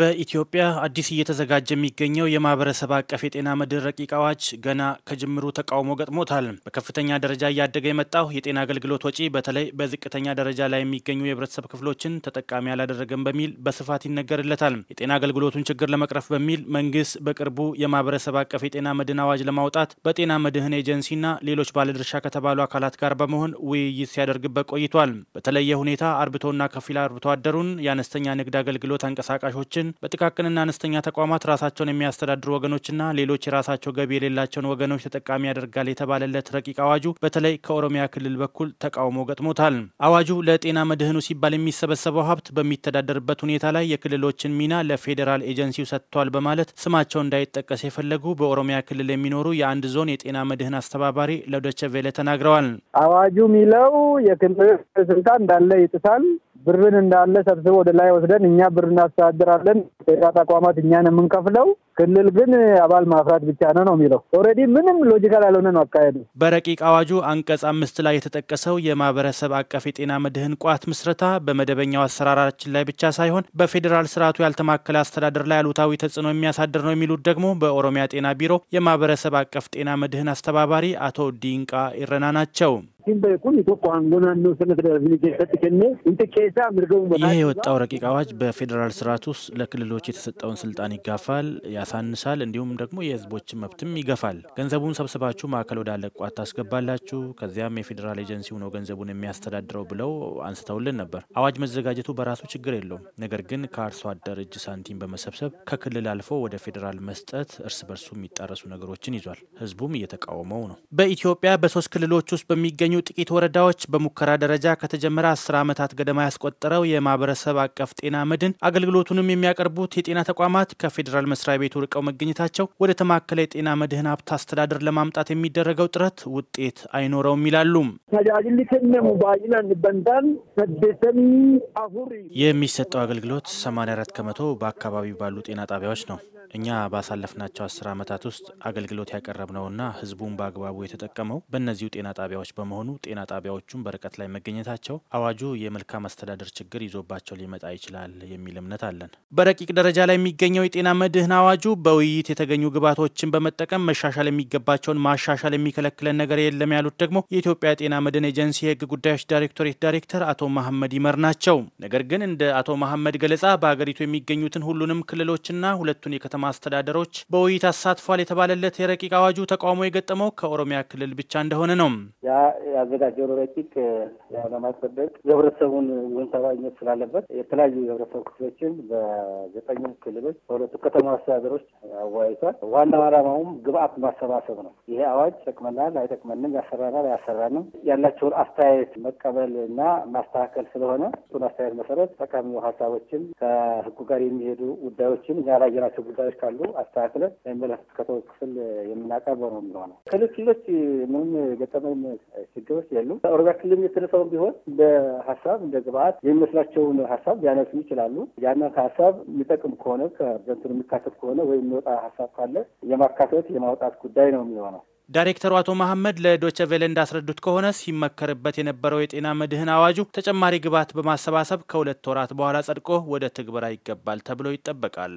በኢትዮጵያ አዲስ እየተዘጋጀ የሚገኘው የማህበረሰብ አቀፍ የጤና መድን ረቂቅ አዋጅ ገና ከጅምሩ ተቃውሞ ገጥሞታል። በከፍተኛ ደረጃ እያደገ የመጣው የጤና አገልግሎት ወጪ በተለይ በዝቅተኛ ደረጃ ላይ የሚገኙ የህብረተሰብ ክፍሎችን ተጠቃሚ አላደረገም በሚል በስፋት ይነገርለታል። የጤና አገልግሎቱን ችግር ለመቅረፍ በሚል መንግስት በቅርቡ የማህበረሰብ አቀፍ የጤና መድን አዋጅ ለማውጣት በጤና መድህን ኤጀንሲና ሌሎች ባለድርሻ ከተባሉ አካላት ጋር በመሆን ውይይት ሲያደርግበት ቆይቷል። በተለየ ሁኔታ አርብቶና ከፊል አርብቶ አደሩን፣ የአነስተኛ ንግድ አገልግሎት አንቀሳቃሾችን ቡድን በጥቃቅንና አነስተኛ ተቋማት ራሳቸውን የሚያስተዳድሩ ወገኖችና ሌሎች የራሳቸው ገቢ የሌላቸውን ወገኖች ተጠቃሚ ያደርጋል የተባለለት ረቂቅ አዋጁ በተለይ ከኦሮሚያ ክልል በኩል ተቃውሞ ገጥሞታል። አዋጁ ለጤና መድህኑ ሲባል የሚሰበሰበው ሀብት በሚተዳደርበት ሁኔታ ላይ የክልሎችን ሚና ለፌዴራል ኤጀንሲው ሰጥቷል በማለት ስማቸው እንዳይጠቀስ የፈለጉ በኦሮሚያ ክልል የሚኖሩ የአንድ ዞን የጤና መድህን አስተባባሪ ለዶቸቬለ ተናግረዋል። አዋጁ የሚለው የክልል ስልጣን እንዳለ ይጥሳል ብርን እንዳለ ሰብስቦ ወደ ላይ ወስደን እኛ ብር እናስተዳድራለን። ጤና ተቋማት እኛን የምንከፍለው ክልል ግን አባል ማፍራት ብቻ ነው ነው የሚለው። ኦልሬዲ ምንም ሎጂካል ያልሆነ ነው አካሄዱ። በረቂቅ አዋጁ አንቀጽ አምስት ላይ የተጠቀሰው የማህበረሰብ አቀፍ የጤና መድህን ቋት ምስረታ በመደበኛው አሰራራችን ላይ ብቻ ሳይሆን በፌዴራል ስርዓቱ ያልተማከለ አስተዳደር ላይ አሉታዊ ተጽዕኖ የሚያሳድር ነው የሚሉት ደግሞ በኦሮሚያ ጤና ቢሮ የማህበረሰብ አቀፍ ጤና መድህን አስተባባሪ አቶ ዲንቃ ኢረና ናቸው። Simbaa kun tokko aangoo naannoo sana federaalii keessatti kennee inti keessaa ይህ የወጣው ረቂቅ አዋጅ በፌዴራል ስርዓት ውስጥ ለክልሎች የተሰጠውን ስልጣን ይጋፋል፣ ያሳንሳል፣ እንዲሁም ደግሞ የህዝቦችን መብትም ይገፋል። ገንዘቡን ሰብስባችሁ ማዕከል ወዳለ ቋት ታስገባላችሁ፣ ከዚያም የፌዴራል ኤጀንሲ ሆኖ ገንዘቡን የሚያስተዳድረው ብለው አንስተውልን ነበር። አዋጅ መዘጋጀቱ በራሱ ችግር የለውም። ነገር ግን ከአርሶ አደር እጅ ሳንቲም በመሰብሰብ ከክልል አልፎ ወደ ፌዴራል መስጠት እርስ በርሱ የሚጣረሱ ነገሮችን ይዟል። ህዝቡም እየተቃወመው ነው። በኢትዮጵያ በሶስት ክልሎች ውስጥ በሚገኙ ጥቂት ወረዳዎች በሙከራ ደረጃ ከተጀመረ አስር ዓመታት ገደማ ያስቆጠረው የማህበረሰብ አቀፍ ጤና መድን አገልግሎቱንም የሚያቀርቡት የጤና ተቋማት ከፌዴራል መስሪያ ቤቱ ርቀው መገኘታቸው ወደ ተማከለ የጤና መድህን ሀብት አስተዳደር ለማምጣት የሚደረገው ጥረት ውጤት አይኖረውም ይላሉ። የሚሰጠው አገልግሎት 84 ከመቶ በአካባቢው ባሉ ጤና ጣቢያዎች ነው። እኛ ባሳለፍናቸው አስር ዓመታት ውስጥ አገልግሎት ያቀረብነውና ህዝቡን በአግባቡ የተጠቀመው በእነዚሁ ጤና ጣቢያዎች በመሆኑ ጤና ጣቢያዎቹን በርቀት ላይ መገኘታቸው አዋጁ የመልካም አስተዳደር ችግር ይዞባቸው ሊመጣ ይችላል የሚል እምነት አለን። በረቂቅ ደረጃ ላይ የሚገኘው የጤና መድህን አዋጁ በውይይት የተገኙ ግብዓቶችን በመጠቀም መሻሻል የሚገባቸውን ማሻሻል የሚከለክለን ነገር የለም ያሉት ደግሞ የኢትዮጵያ ጤና መድን ኤጀንሲ የህግ ጉዳዮች ዳይሬክቶሬት ዳይሬክተር አቶ መሐመድ ይመር ናቸው። ነገር ግን እንደ አቶ መሐመድ ገለጻ በሀገሪቱ የሚገኙትን ሁሉንም ክልሎችና ሁለቱን የከተማ ከተማ አስተዳደሮች በውይይት አሳትፏል የተባለለት የረቂቅ አዋጁ ተቃውሞ የገጠመው ከኦሮሚያ ክልል ብቻ እንደሆነ ነው። ያ ያዘጋጀው ረቂቅ ለማስጠበቅ የህብረተሰቡን ወይም ስላለበት የተለያዩ የህብረተሰቡ ክፍሎችን በዘጠኙ ክልሎች በሁለቱ ከተማ አስተዳደሮች አወያይቷል። ዋናው ዓላማውም ግብአት ማሰባሰብ ነው። ይሄ አዋጅ ጠቅመናል አይጠቅመንም፣ ያሰራናል፣ አያሰራንም ያላቸውን አስተያየት መቀበል እና ማስተካከል ስለሆነ እሱን አስተያየት መሰረት ጠቃሚ ሀሳቦችን ከህጉ ጋር የሚሄዱ ጉዳዮችን ያላየናቸው ጉዳዮች ጉዳዮች ካሉ አስተካክለን በሚመለከተው ክፍል የምናቀርበው ነው የሚሆነው። ክልል ክልሎች ምንም የገጠመኝ ችግሮች የሉም። ኦሮሚያ ክልል የተነሳውን ቢሆን እንደ ሀሳብ እንደ ግብአት የሚመስላቸውን ሀሳብ ሊያነሱ ይችላሉ። ያንን ሀሳብ የሚጠቅም ከሆነ ከዘንትን የሚካተት ከሆነ ወይም የሚወጣ ሀሳብ ካለ የማካተት የማውጣት ጉዳይ ነው የሚሆነው። ዳይሬክተሩ አቶ መሐመድ ለዶቸ ቬለ እንዳስረዱት ከሆነ ሲመከርበት የነበረው የጤና መድህን አዋጁ ተጨማሪ ግብዓት በማሰባሰብ ከሁለት ወራት በኋላ ጸድቆ ወደ ትግበራ ይገባል ተብሎ ይጠበቃል።